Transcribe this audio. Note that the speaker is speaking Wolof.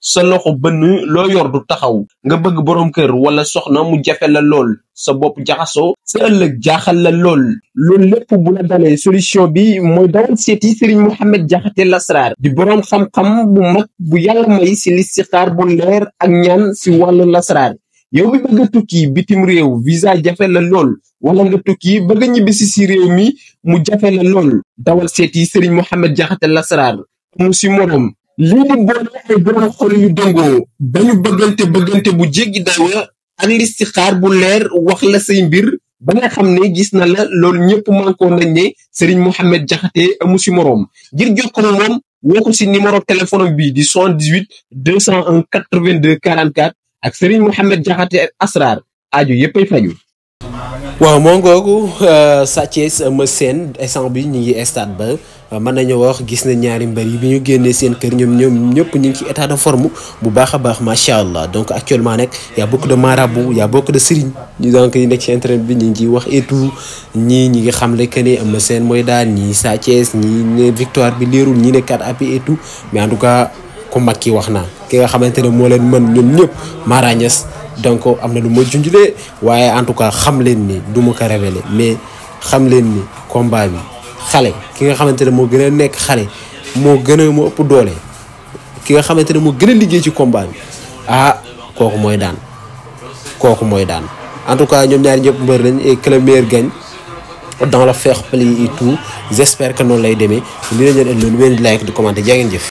sa loxo bënn lo yor du taxaw nga bëgg borom kër wala soxna mu jafe la lool sa bop jaxaso sa ëlëk jaxal la lool loolu lépp bu la dalé solution bi moy dawal séti Serigne mohammed jaxaté Lasrar di borom xam-xam bu mag bu yàlla may ci listikhar bu leer ak ñaan ci walu lasrar yow bi bëgg tukki bitim réew visa jafe la lool wala nga tukki bëgg ñibi ci ci réew mi mu jafe la lool dawal séti Serigne mohammed jaxaté Lasrar mu ci morom li ñu boole ay borom xol yu dëngoo dañu bëggante bëggante bu jéggi daywa ak listixaar bu leer wax la say mbir ba nga xam ne gis na la loolu ñëpp mànkoo nañ ne Serigne Mohamed Diakhaté amu si moroom ngir jox ko moom woo ko si numéro téléphone bi di 78 201 82 44 ak Serigne Mohamed Diakhaté Asrar aajo yëppay faju waaw moo ngoogu euh, Sa Thiès Eumeu Sène instant bi ñu ngi stade ba euh, mën nañu wax gis na ñaari mbër yi bi ñu génnee seen kër ñoom ñoom ñëpp ñu ngi ci état de forme bu baax a baax macha allah donc actuellement nag y' a beaucoup de marabout y' a beaucoup de sëriñ ñu donc yi nekk ci internet bi ñu ngi ciy wax et tout ñii ñi ngi xam le que ne Eumeu Sène mooy daal ñii Sa Thiès ñii ne victoire bi leerul ñii ne 4 appuis et tout mais ku mag ki wax naa ki nga xamante ne moo leen mën ñoom ñëpp Mara donc am na lu ma junjulee waaye en tout cas xam leen ni du ma ko révéler mais xam leen ni combat bi xale ki nga xamante ne moo gën a nekk xale moo gën a moo ëpp doole ki nga xamante ne moo gën a liggéey ci combat bi ah kooku mooy daan kooku mooy daan en tout cas ñoom ñaari ñëpp mbër lañ et que le meilleur gagne dans le play et tout j'espère noonu lay demee li la ñu leen di like di commenter jaa ngeen jëf.